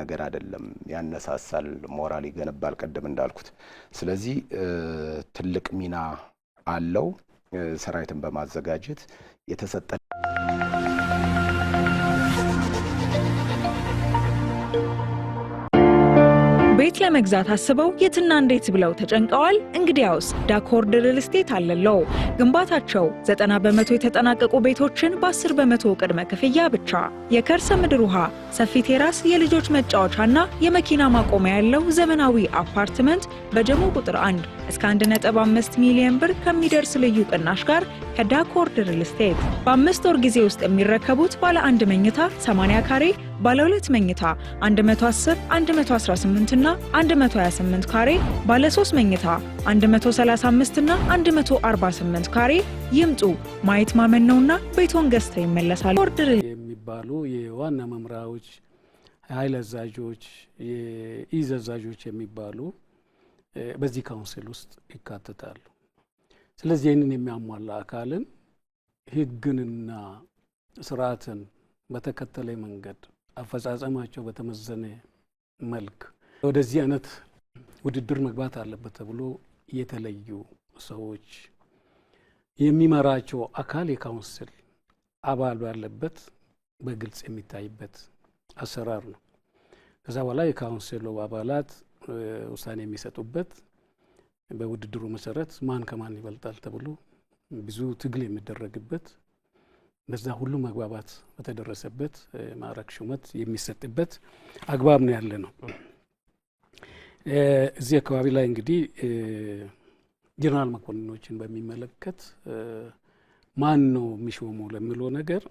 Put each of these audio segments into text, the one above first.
ነገር አይደለም። ያነሳሳል፣ ሞራል ይገነባል፣ ቀደም እንዳልኩት። ስለዚህ ትልቅ ሚና አለው። ሰራዊትን በማዘጋጀት የተሰጠ ቤት ለመግዛት አስበው የትና እንዴት ብለው ተጨንቀዋል? እንግዲያውስ ዳኮርድ ሪል ስቴት አለለው። ግንባታቸው 90 በመቶ የተጠናቀቁ ቤቶችን በ10 በመቶ ቅድመ ክፍያ ብቻ፣ የከርሰ ምድር ውሃ፣ ሰፊ ቴራስ፣ የልጆች መጫወቻና የመኪና ማቆሚያ ያለው ዘመናዊ አፓርትመንት በጀሞ ቁጥር 1 እስከ 1.5 ሚሊዮን ብር ከሚደርስ ልዩ ቅናሽ ጋር ከዳኮርድ ሪል ስቴት በአምስት ወር ጊዜ ውስጥ የሚረከቡት ባለ አንድ መኝታ 80 ካሬ፣ ባለ ሁለት መኝታ 110፣ 118 እና 128 ካሬ፣ ባለ 3 መኝታ 135 እና 148 ካሬ ይምጡ። ማየት ማመን ነውና ቤቶን ገዝተው ይመለሳሉ። የሚባሉ የዋና መምሪያዎች ኃይል አዛዦች፣ የኢዝ አዛዦች የሚባሉ በዚህ ካውንስል ውስጥ ይካተታሉ። ስለዚህ ይህንን የሚያሟላ አካልን ህግንና ስርዓትን በተከተለ መንገድ አፈጻጸማቸው በተመዘነ መልክ ወደዚህ አይነት ውድድር መግባት አለበት ተብሎ የተለዩ ሰዎች የሚመራቸው አካል የካውንስል አባል ያለበት በግልጽ የሚታይበት አሰራር ነው። ከዛ በኋላ የካውንስሉ አባላት ውሳኔ የሚሰጡበት በውድድሩ መሰረት ማን ከማን ይበልጣል ተብሎ ብዙ ትግል የሚደረግበት በዛ ሁሉ መግባባት በተደረሰበት ማዕረግ ሹመት የሚሰጥበት አግባብ ነው ያለ ነው። እዚህ አካባቢ ላይ እንግዲህ ጀነራል መኮንኖችን በሚመለከት ማን ነው የሚሾመው ለሚለው ነገር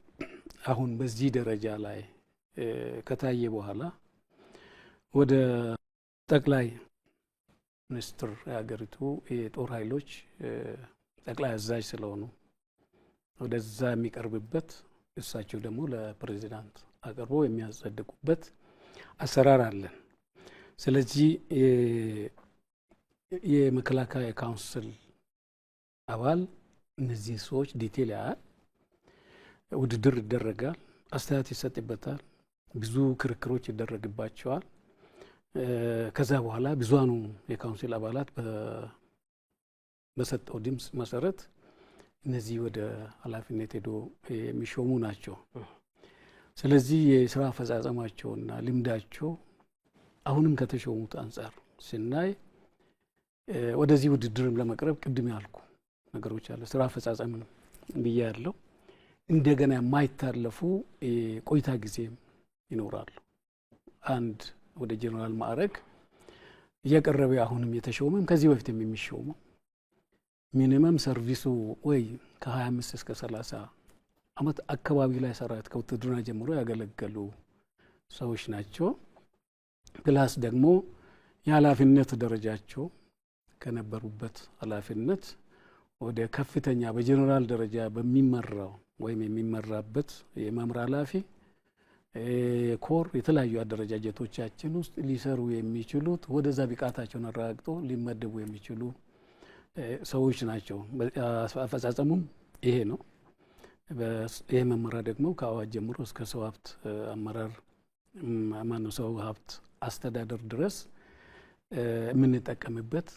አሁን በዚህ ደረጃ ላይ ከታየ በኋላ ወደ ጠቅላይ ሚኒስትር የሀገሪቱ የጦር ኃይሎች ጠቅላይ አዛዥ ስለሆኑ ወደዛ የሚቀርብበት እሳቸው ደግሞ ለፕሬዚዳንት አቅርቦ የሚያጸድቁበት አሰራር አለን። ስለዚህ የመከላከያ ካውንስል አባል እነዚህ ሰዎች ዲቴል ያህል ውድድር ይደረጋል፣ አስተያየት ይሰጥበታል፣ ብዙ ክርክሮች ይደረግባቸዋል። ከዛ በኋላ ብዙሃኑ የካውንሲል አባላት በሰጠው ድምፅ መሰረት እነዚህ ወደ ኃላፊነት ሄዶ የሚሾሙ ናቸው። ስለዚህ የስራ አፈጻጸማቸውና ልምዳቸው አሁንም ከተሾሙት አንጻር ስናይ ወደዚህ ውድድርም ለመቅረብ ቅድም ያልኩ ነገሮች አለ። ስራ አፈጻጸም ብዬ ያለው እንደገና የማይታለፉ ቆይታ ጊዜም ይኖራሉ። አንድ ወደ ጀኔራል ማዕረግ እየቀረበ አሁንም የተሾመም ከዚህ በፊትም የሚሾሙ ሚኒመም ሰርቪሱ ወይ ከ25 እስከ 30 አመት አካባቢ ላይ ሰራዊት ከውትድርና ጀምሮ ያገለገሉ ሰዎች ናቸው። ፕላስ ደግሞ የኃላፊነት ደረጃቸው ከነበሩበት ኃላፊነት ወደ ከፍተኛ በጀኔራል ደረጃ በሚመራው ወይም የሚመራበት የመምር ኃላፊ ኮር የተለያዩ አደረጃጀቶቻችን ውስጥ ሊሰሩ የሚችሉት ወደዛ ብቃታቸውን አረጋግጦ ሊመደቡ የሚችሉ ሰዎች ናቸው። አፈጻጸሙም ይሄ ነው። ይህ መመሪያ ደግሞ ከአዋጅ ጀምሮ እስከ ሰው ሀብት አመራር ማነው ሰው ሀብት አስተዳደር ድረስ የምንጠቀምበት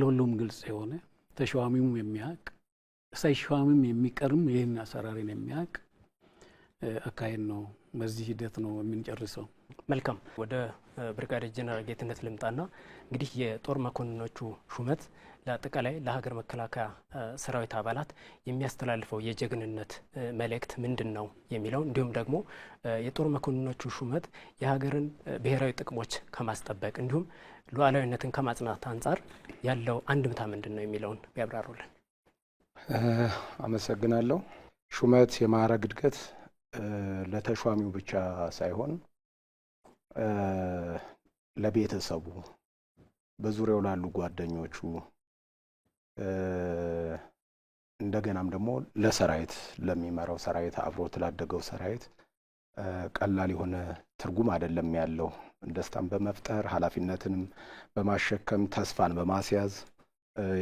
ለሁሉም ግልጽ የሆነ ተሿሚውም የሚያውቅ ሳይሸዋሚም የሚቀርም ይህን አሰራርን የሚያውቅ አካሄድ ነው። በዚህ ሂደት ነው የምንጨርሰው። መልካም ወደ ብርጋዴር ጀነራል ጌትነት ልምጣና እንግዲህ የጦር መኮንኖቹ ሹመት ለአጠቃላይ ለሀገር መከላከያ ሰራዊት አባላት የሚያስተላልፈው የጀግንነት መልእክት ምንድን ነው የሚለው እንዲሁም ደግሞ የጦር መኮንኖቹ ሹመት የሀገርን ብሔራዊ ጥቅሞች ከማስጠበቅ እንዲሁም ሉዓላዊነትን ከማጽናት አንጻር ያለው አንድምታ ምንድን ነው የሚለውን ያብራሩልን። አመሰግናለሁ። ሹመት የማዕረግ እድገት ለተሿሚው ብቻ ሳይሆን ለቤተሰቡ፣ በዙሪያው ላሉ ጓደኞቹ እንደገናም ደግሞ ለሰራዊት ለሚመራው ሰራዊት አብሮት ላደገው ሰራዊት ቀላል የሆነ ትርጉም አይደለም ያለው። ደስታን በመፍጠር ኃላፊነትንም በማሸከም ተስፋን በማስያዝ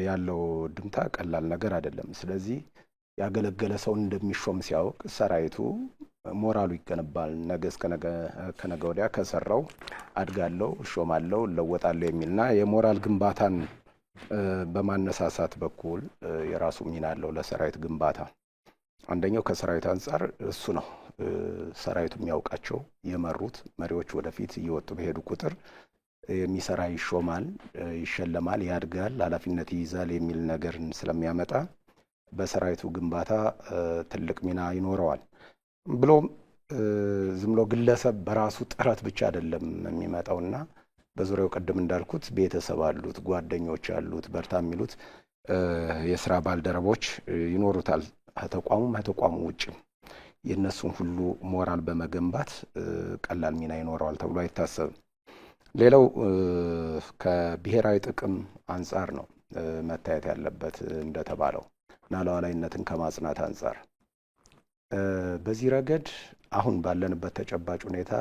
ያለው ድምታ ቀላል ነገር አይደለም። ስለዚህ ያገለገለ ሰው እንደሚሾም ሲያውቅ ሰራዊቱ ሞራሉ ይገነባል። ነገ እስከ ከነገ ወዲያ ከሰራው አድጋለው እሾማለሁ፣ እለወጣለሁ የሚልና የሞራል ግንባታን በማነሳሳት በኩል የራሱ ሚና አለው ለሰራዊት ግንባታ። አንደኛው ከሰራዊት አንጻር እሱ ነው። ሰራዊቱ የሚያውቃቸው የመሩት መሪዎች ወደፊት እየወጡ በሄዱ ቁጥር የሚሰራ ይሾማል፣ ይሸለማል፣ ያድጋል፣ ኃላፊነት ይይዛል የሚል ነገርን ስለሚያመጣ በሰራዊቱ ግንባታ ትልቅ ሚና ይኖረዋል። ብሎም ዝም ብሎ ግለሰብ በራሱ ጥረት ብቻ አይደለም የሚመጣውና በዙሪያው ቅድም እንዳልኩት ቤተሰብ አሉት፣ ጓደኞች አሉት፣ በርታ የሚሉት የስራ ባልደረቦች ይኖሩታል። ተቋሙም ከተቋሙ ውጭም የእነሱን ሁሉ ሞራል በመገንባት ቀላል ሚና ይኖረዋል ተብሎ አይታሰብም። ሌላው ከብሔራዊ ጥቅም አንጻር ነው መታየት ያለበት እንደተባለው እና ሉዓላዊነትን ከማጽናት አንጻር በዚህ ረገድ አሁን ባለንበት ተጨባጭ ሁኔታ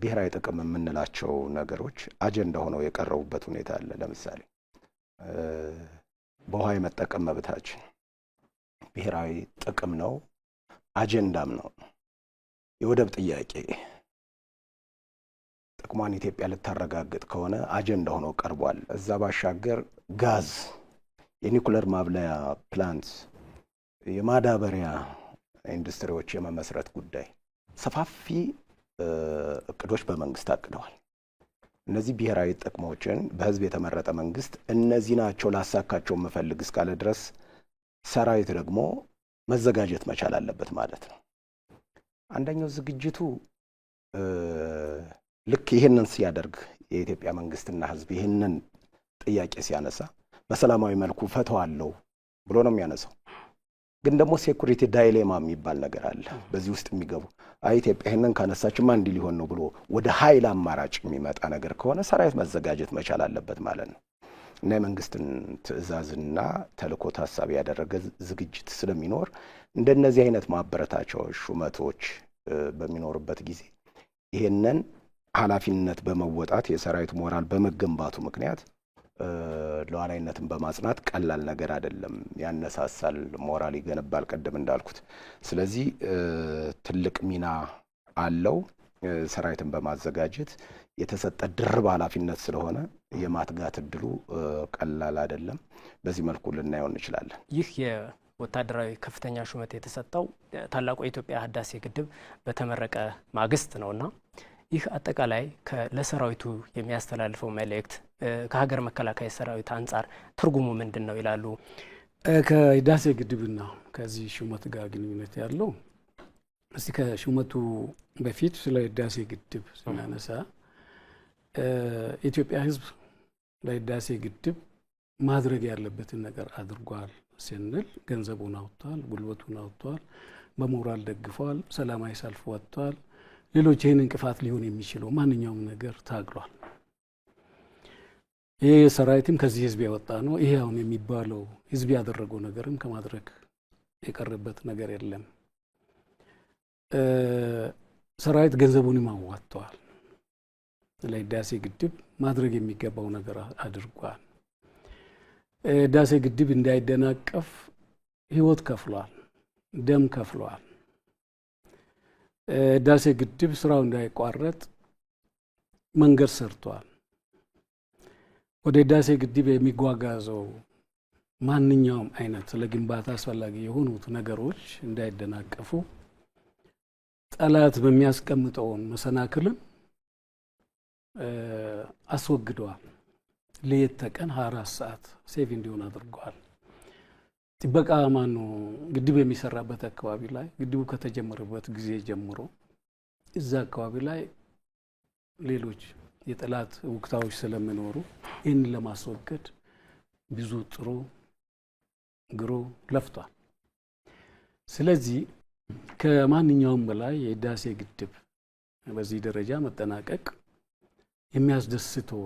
ብሔራዊ ጥቅም የምንላቸው ነገሮች አጀንዳ ሆነው የቀረቡበት ሁኔታ አለ። ለምሳሌ በውሃ የመጠቀም መብታችን ብሔራዊ ጥቅም ነው፣ አጀንዳም ነው። የወደብ ጥያቄ ጥቅሟን ኢትዮጵያ ልታረጋግጥ ከሆነ አጀንዳ ሆኖ ቀርቧል። እዛ ባሻገር ጋዝ የኒኩለር ማብለያ ፕላንት የማዳበሪያ ኢንዱስትሪዎች የመመስረት ጉዳይ ሰፋፊ እቅዶች በመንግስት አቅደዋል። እነዚህ ብሔራዊ ጥቅሞችን በህዝብ የተመረጠ መንግስት እነዚህ ናቸው ላሳካቸው የምፈልግ እስካለ ድረስ ሰራዊት ደግሞ መዘጋጀት መቻል አለበት ማለት ነው። አንደኛው ዝግጅቱ ልክ ይህንን ሲያደርግ የኢትዮጵያ መንግስትና ህዝብ ይህንን ጥያቄ ሲያነሳ በሰላማዊ መልኩ ፈተዋለሁ ብሎ ነው የሚያነሳው። ግን ደግሞ ሴኩሪቲ ዳይሌማ የሚባል ነገር አለ። በዚህ ውስጥ የሚገቡ አይ ኢትዮጵያ ይህንን ካነሳችማ እንዲህ ሊሆን ነው ብሎ ወደ ኃይል አማራጭ የሚመጣ ነገር ከሆነ ሰራዊት መዘጋጀት መቻል አለበት ማለት ነው እና የመንግስትን ትዕዛዝና ተልእኮ ታሳቢ ያደረገ ዝግጅት ስለሚኖር እንደነዚህ አይነት ማበረታቻዎች፣ ሹመቶች በሚኖርበት ጊዜ ይሄንን ኃላፊነት በመወጣት የሰራዊት ሞራል በመገንባቱ ምክንያት ሉዓላዊነትን በማጽናት ቀላል ነገር አይደለም። ያነሳሳል፣ ሞራል ይገነባል፣ ቀደም እንዳልኩት። ስለዚህ ትልቅ ሚና አለው። ሰራዊትን በማዘጋጀት የተሰጠ ድርብ ኃላፊነት ስለሆነ የማትጋት እድሉ ቀላል አይደለም። በዚህ መልኩ ልናየው እንችላለን። ይህ የወታደራዊ ከፍተኛ ሹመት የተሰጠው ታላቁ የኢትዮጵያ ህዳሴ ግድብ በተመረቀ ማግስት ነውና ይህ አጠቃላይ ለሰራዊቱ የሚያስተላልፈው መልእክት ከሀገር መከላከያ ሰራዊት አንጻር ትርጉሙ ምንድን ነው ይላሉ? ከህዳሴ ግድብና ከዚህ ሹመት ጋር ግንኙነት ያለው እስቲ ከሹመቱ በፊት ስለ ህዳሴ ግድብ ስናነሳ ኢትዮጵያ ህዝብ ለህዳሴ ግድብ ማድረግ ያለበትን ነገር አድርጓል ስንል ገንዘቡን አውጥቷል፣ ጉልበቱን አውጥቷል፣ በሞራል ደግፏል፣ ሰላማዊ ሰልፍ ወጥቷል። ሌሎች ይህን እንቅፋት ሊሆን የሚችለው ማንኛውም ነገር ታግሏል። ይህ ሰራዊትም ከዚህ ህዝብ ያወጣ ነው። ይሄ አሁን የሚባለው ህዝብ ያደረገው ነገርም ከማድረግ የቀረበት ነገር የለም። ሰራዊት ገንዘቡንም አዋጥተዋል። ለህዳሴ ግድብ ማድረግ የሚገባው ነገር አድርጓል። ህዳሴ ግድብ እንዳይደናቀፍ ህይወት ከፍሏል፣ ደም ከፍሏል። ህዳሴ ግድብ ስራው እንዳይቋረጥ መንገድ ሰርቷል። ወደ ህዳሴ ግድብ የሚጓጓዘው ማንኛውም አይነት ለግንባታ አስፈላጊ የሆኑት ነገሮች እንዳይደናቀፉ ጠላት በሚያስቀምጠውን መሰናክልን አስወግደዋል። ለየት ተቀን 24 ሰዓት ሴቭ እንዲሆን አድርገዋል። ጥበቃ ማኑ ግድብ የሚሰራበት አካባቢ ላይ ግድቡ ከተጀመረበት ጊዜ ጀምሮ እዛ አካባቢ ላይ ሌሎች የጠላት ውክታዎች ስለሚኖሩ ይህንን ለማስወገድ ብዙ ጥሩ ግሮ ለፍቷል። ስለዚህ ከማንኛውም በላይ የህዳሴ ግድብ በዚህ ደረጃ መጠናቀቅ የሚያስደስተው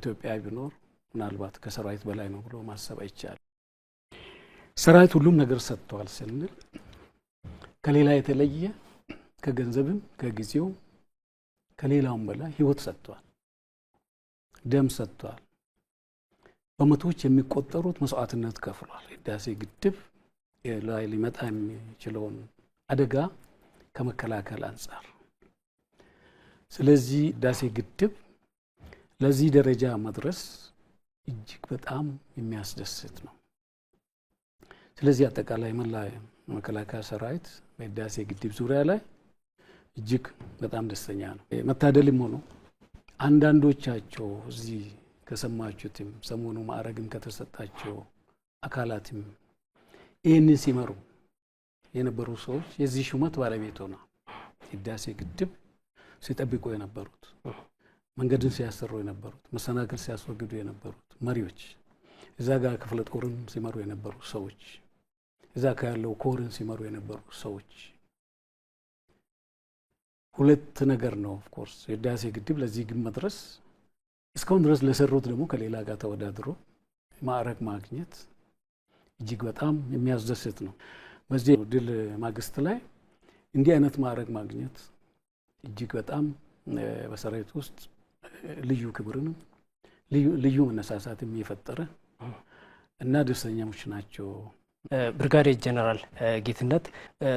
ኢትዮጵያ ቢኖር ምናልባት ከሰራዊት በላይ ነው ብሎ ማሰብ አይቻልም። ሰራዊት ሁሉም ነገር ሰጥተዋል ስንል ከሌላ የተለየ ከገንዘብም ከጊዜው ከሌላውም በላይ ህይወት ሰጥተዋል፣ ደም ሰጥተዋል። በመቶዎች የሚቆጠሩት መስዋዕትነት ከፍሏል። ህዳሴ ግድብ ላይ ሊመጣ የሚችለውን አደጋ ከመከላከል አንጻር ስለዚህ ህዳሴ ግድብ ለዚህ ደረጃ መድረስ እጅግ በጣም የሚያስደስት ነው። ስለዚህ አጠቃላይ መላ መከላከያ ሰራዊት በህዳሴ ግድብ ዙሪያ ላይ እጅግ በጣም ደስተኛ ነው። መታደልም ሆኖ አንዳንዶቻቸው እዚህ ከሰማችሁትም ሰሞኑ ማዕረግም ከተሰጣቸው አካላትም ይህንን ሲመሩ የነበሩ ሰዎች የዚህ ሹመት ባለቤት ሆና ህዳሴ ግድብ ሲጠብቁ የነበሩት መንገድን ሲያሰሩ የነበሩት መሰናክል ሲያስወግዱ የነበሩት መሪዎች እዛ ጋር ክፍለ ጦርን ሲመሩ የነበሩ ሰዎች እዛ ካለው ኮርን ሲመሩ የነበሩ ሰዎች ሁለት ነገር ነው። ኦፍኮርስ የህዳሴ ግድብ ለዚህ ግን መድረስ እስካሁን ድረስ ለሰሩት ደግሞ ከሌላ ጋር ተወዳድሮ ማዕረግ ማግኘት እጅግ በጣም የሚያስደስት ነው። በዚህ ድል ማግስት ላይ እንዲህ አይነት ማዕረግ ማግኘት እጅግ በጣም በሰራዊት ውስጥ ልዩ ክብርንም ልዩ መነሳሳትም የፈጠረ እና ደስተኛሞች ናቸው። ብርጋዴር ጀነራል ጌትነት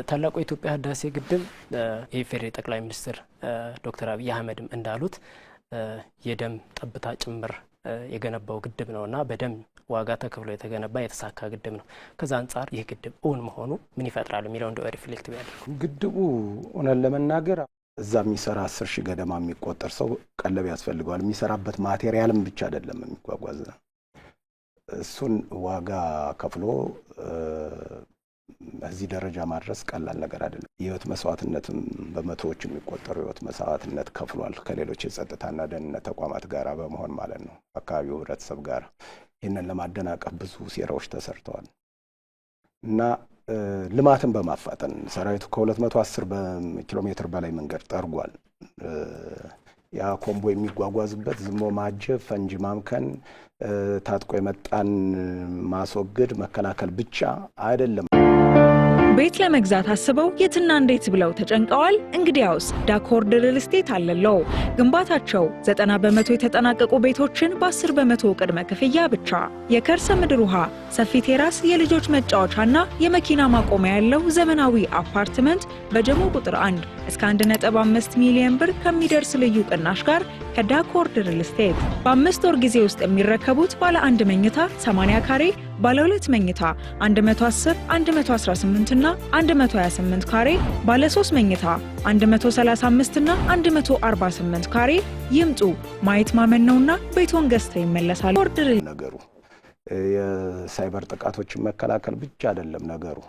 ታላቁ የኢትዮጵያ ህዳሴ ግድብ የኢፌዴሪ ጠቅላይ ሚኒስትር ዶክተር አብይ አህመድም እንዳሉት የደም ጠብታ ጭምር የገነባው ግድብ ነው እና በደም ዋጋ ተከፍሎ የተገነባ የተሳካ ግድብ ነው። ከዛ አንጻር ይህ ግድብ እውን መሆኑ ምን ይፈጥራል የሚለው እንደ ሪፍሌክት ቢያደርጉ። ግድቡ እውነን ለመናገር እዛ የሚሰራ አስር ሺህ ገደማ የሚቆጠር ሰው ቀለብ ያስፈልገዋል። የሚሰራበት ማቴሪያልም ብቻ አይደለም የሚጓጓዝ ነው እሱን ዋጋ ከፍሎ እዚህ ደረጃ ማድረስ ቀላል ነገር አይደለም። የህይወት መስዋዕትነትም በመቶዎች የሚቆጠሩ የህይወት መስዋዕትነት ከፍሏል። ከሌሎች የጸጥታና ደህንነት ተቋማት ጋር በመሆን ማለት ነው፣ አካባቢው ህብረተሰብ ጋር ይህንን ለማደናቀፍ ብዙ ሴራዎች ተሰርተዋል እና ልማትን በማፋጠን ሰራዊቱ ከ210 ኪሎ ሜትር በላይ መንገድ ጠርጓል። ያ ኮምቦ የሚጓጓዝበት ዝሞ ማጀብ፣ ፈንጂ ማምከን ታጥቆ የመጣን ማስወገድ መከላከል ብቻ አይደለም። ቤት ለመግዛት አስበው የትና እንዴት ብለው ተጨንቀዋል? እንግዲያውስ ዳኮርድ ሪል ስቴት አለለው። ግንባታቸው 90 በመቶ የተጠናቀቁ ቤቶችን በ10 በመቶ ቅድመ ክፍያ ብቻ የከርሰ ምድር ውሃ፣ ሰፊ ቴራስ፣ የልጆች መጫወቻና የመኪና ማቆሚያ ያለው ዘመናዊ አፓርትመንት በጀሞ ቁጥር 1 እስከ 1.5 ሚሊዮን ብር ከሚደርስ ልዩ ቅናሽ ጋር ከዳኮርድ ሪል ስቴት በአምስት ወር ጊዜ ውስጥ የሚረከቡት ባለ አንድ መኝታ 80 ካሬ ባለ ሁለት መኝታ 110፣ 118 እና 128 ካሬ፣ ባለ 3 መኝታ 135 እና 148 ካሬ ይምጡ። ማየት ማመን ነውና ቤቶን ገዝተው ይመለሳሉ። ኦርድር ነገሩ የሳይበር ጥቃቶችን መከላከል ብቻ አይደለም ነገሩ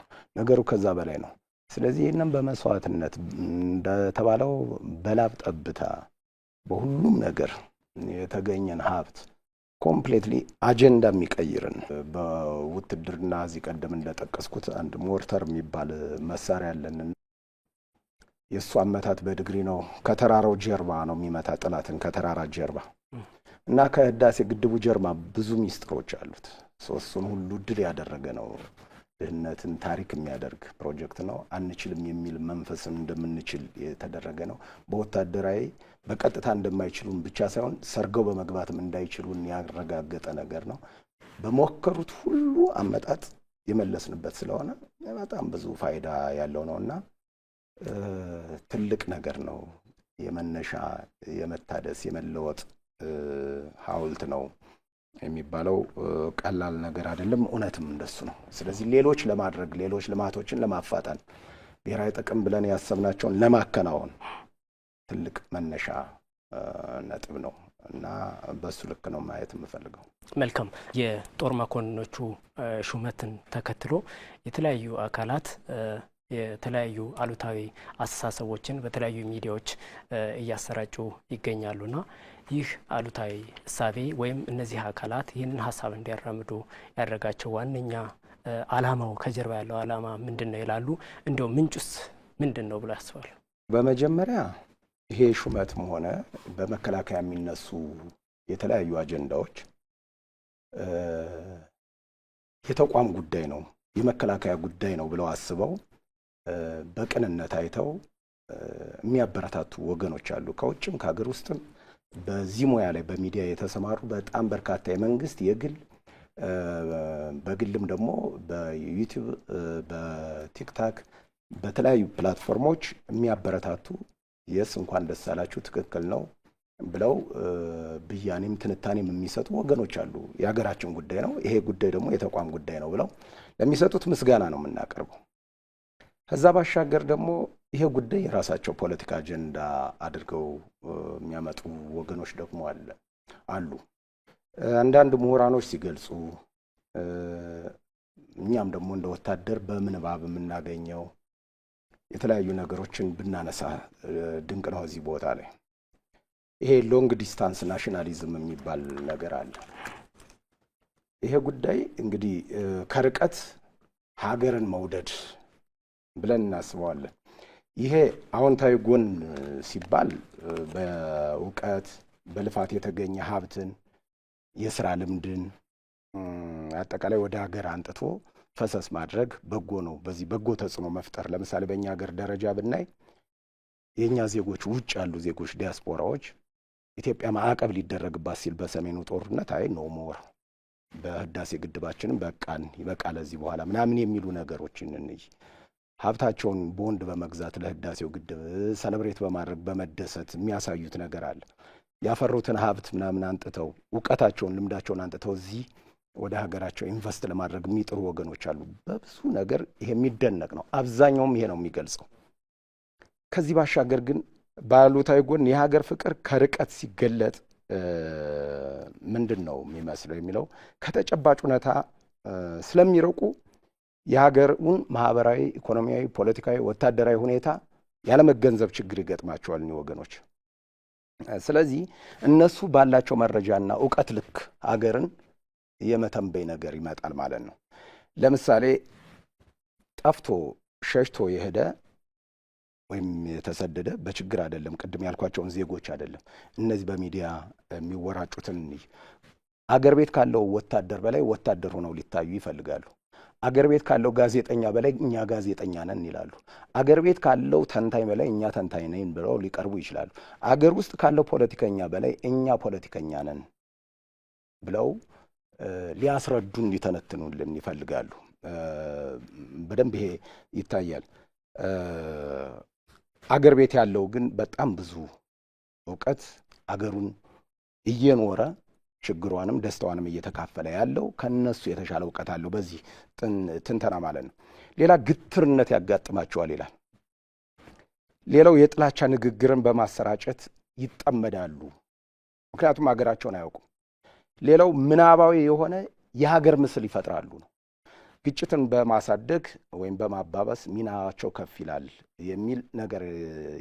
ነገሩ ከዛ በላይ ነው። ስለዚህ ይህንም በመስዋዕትነት እንደተባለው በላብ ጠብታ በሁሉም ነገር የተገኘን ሀብት ኮምፕሌትሊ አጀንዳ የሚቀይርን በውትድርና እዚህ ቀደም እንደጠቀስኩት አንድ ሞርተር የሚባል መሳሪያ አለን። የእሱ አመታት በድግሪ ነው። ከተራራው ጀርባ ነው የሚመታ ጥላትን ከተራራ ጀርባ እና ከህዳሴ ግድቡ ጀርባ ብዙ ሚስጥሮች አሉት። እሱን ሁሉ ድል ያደረገ ነው። ድህነትን ታሪክ የሚያደርግ ፕሮጀክት ነው። አንችልም የሚል መንፈስን እንደምንችል የተደረገ ነው። በወታደራዊ በቀጥታ እንደማይችሉን ብቻ ሳይሆን ሰርገው በመግባትም እንዳይችሉን ያረጋገጠ ነገር ነው። በሞከሩት ሁሉ አመጣጥ የመለስንበት ስለሆነ በጣም ብዙ ፋይዳ ያለው ነው እና ትልቅ ነገር ነው። የመነሻ የመታደስ የመለወጥ ሀውልት ነው። የሚባለው ቀላል ነገር አይደለም። እውነትም እንደሱ ነው። ስለዚህ ሌሎች ለማድረግ ሌሎች ልማቶችን ለማፋጠን ብሔራዊ ጥቅም ብለን ያሰብናቸውን ለማከናወን ትልቅ መነሻ ነጥብ ነው እና በሱ ልክ ነው ማየት የምፈልገው። መልካም። የጦር መኮንኖቹ ሹመትን ተከትሎ የተለያዩ አካላት የተለያዩ አሉታዊ አስተሳሰቦችን በተለያዩ ሚዲያዎች እያሰራጩ ይገኛሉና ይህ አሉታዊ እሳቤ ወይም እነዚህ አካላት ይህንን ሀሳብ እንዲያራምዱ ያደረጋቸው ዋነኛ አላማው ከጀርባ ያለው አላማ ምንድን ነው ይላሉ። እንዲሁም ምንጩስ ምንድን ነው ብሎ ያስባሉ? በመጀመሪያ ይሄ ሹመትም ሆነ በመከላከያ የሚነሱ የተለያዩ አጀንዳዎች የተቋም ጉዳይ ነው የመከላከያ ጉዳይ ነው ብለው አስበው በቅንነት አይተው የሚያበረታቱ ወገኖች አሉ ከውጭም ከሀገር ውስጥም በዚህ ሙያ ላይ በሚዲያ የተሰማሩ በጣም በርካታ የመንግስት የግል በግልም ደግሞ በዩቲዩብ በቲክታክ በተለያዩ ፕላትፎርሞች የሚያበረታቱ የስ እንኳን ደስ አላችሁ ትክክል ነው ብለው ብያኔም ትንታኔም የሚሰጡ ወገኖች አሉ። የሀገራችን ጉዳይ ነው ይሄ ጉዳይ ደግሞ የተቋም ጉዳይ ነው ብለው ለሚሰጡት ምስጋና ነው የምናቀርበው። ከዛ ባሻገር ደግሞ ይሄ ጉዳይ የራሳቸው ፖለቲካ አጀንዳ አድርገው የሚያመጡ ወገኖች ደግሞ አለ አሉ። አንዳንድ ምሁራኖች ሲገልጹ እኛም ደግሞ እንደ ወታደር በምንባብ የምናገኘው የተለያዩ ነገሮችን ብናነሳ ድንቅ ነው። እዚህ ቦታ ላይ ይሄ ሎንግ ዲስታንስ ናሽናሊዝም የሚባል ነገር አለ። ይሄ ጉዳይ እንግዲህ ከርቀት ሀገርን መውደድ ብለን እናስበዋለን። ይሄ አዎንታዊ ጎን ሲባል በእውቀት በልፋት የተገኘ ሀብትን የስራ ልምድን አጠቃላይ ወደ ሀገር አንጥቶ ፈሰስ ማድረግ በጎ ነው። በዚህ በጎ ተጽዕኖ መፍጠር ለምሳሌ በእኛ ሀገር ደረጃ ብናይ የእኛ ዜጎች ውጭ ያሉ ዜጎች ዲያስፖራዎች ኢትዮጵያ ማዕቀብ ሊደረግባት ሲል በሰሜኑ ጦርነት አይ ኖ ሞር በህዳሴ ግድባችንም በቃን ይበቃ ለዚህ በኋላ ምናምን የሚሉ ነገሮችን እንይ ሀብታቸውን ቦንድ በመግዛት ለህዳሴው ግድብ ሰለብሬት በማድረግ በመደሰት የሚያሳዩት ነገር አለ። ያፈሩትን ሀብት ምናምን አንጥተው እውቀታቸውን፣ ልምዳቸውን አንጥተው እዚህ ወደ ሀገራቸው ኢንቨስት ለማድረግ የሚጥሩ ወገኖች አሉ። በብዙ ነገር ይሄ የሚደነቅ ነው። አብዛኛውም ይሄ ነው የሚገልጸው። ከዚህ ባሻገር ግን ባሉታዊ ጎን የሀገር ፍቅር ከርቀት ሲገለጥ ምንድን ነው የሚመስለው የሚለው ከተጨባጭ ሁኔታ ስለሚርቁ የሀገሩን ማህበራዊ፣ ኢኮኖሚያዊ፣ ፖለቲካዊ፣ ወታደራዊ ሁኔታ ያለመገንዘብ ችግር ይገጥማቸዋል እኒ ወገኖች። ስለዚህ እነሱ ባላቸው መረጃና እውቀት ልክ ሀገርን የመተንበይ ነገር ይመጣል ማለት ነው። ለምሳሌ ጠፍቶ ሸሽቶ የሄደ ወይም የተሰደደ በችግር አይደለም፣ ቅድም ያልኳቸውን ዜጎች አይደለም። እነዚህ በሚዲያ የሚወራጩትን አገር ቤት ካለው ወታደር በላይ ወታደር ሆነው ሊታዩ ይፈልጋሉ። አገር ቤት ካለው ጋዜጠኛ በላይ እኛ ጋዜጠኛ ነን ይላሉ። አገር ቤት ካለው ተንታኝ በላይ እኛ ተንታኝ ነን ብለው ሊቀርቡ ይችላሉ። አገር ውስጥ ካለው ፖለቲከኛ በላይ እኛ ፖለቲከኛ ነን ብለው ሊያስረዱን ሊተነትኑልን ይፈልጋሉ። በደንብ ይሄ ይታያል። አገር ቤት ያለው ግን በጣም ብዙ እውቀት አገሩን እየኖረ ችግሯንም ደስታዋንም እየተካፈለ ያለው ከነሱ የተሻለ እውቀት አለው። በዚህ ትንተና ማለት ነው። ሌላ ግትርነት ያጋጥማቸዋል ይላል። ሌላው የጥላቻ ንግግርን በማሰራጨት ይጠመዳሉ። ምክንያቱም ሀገራቸውን አያውቁም። ሌላው ምናባዊ የሆነ የሀገር ምስል ይፈጥራሉ ነው። ግጭትን በማሳደግ ወይም በማባበስ ሚናቸው ከፍ ይላል የሚል ነገር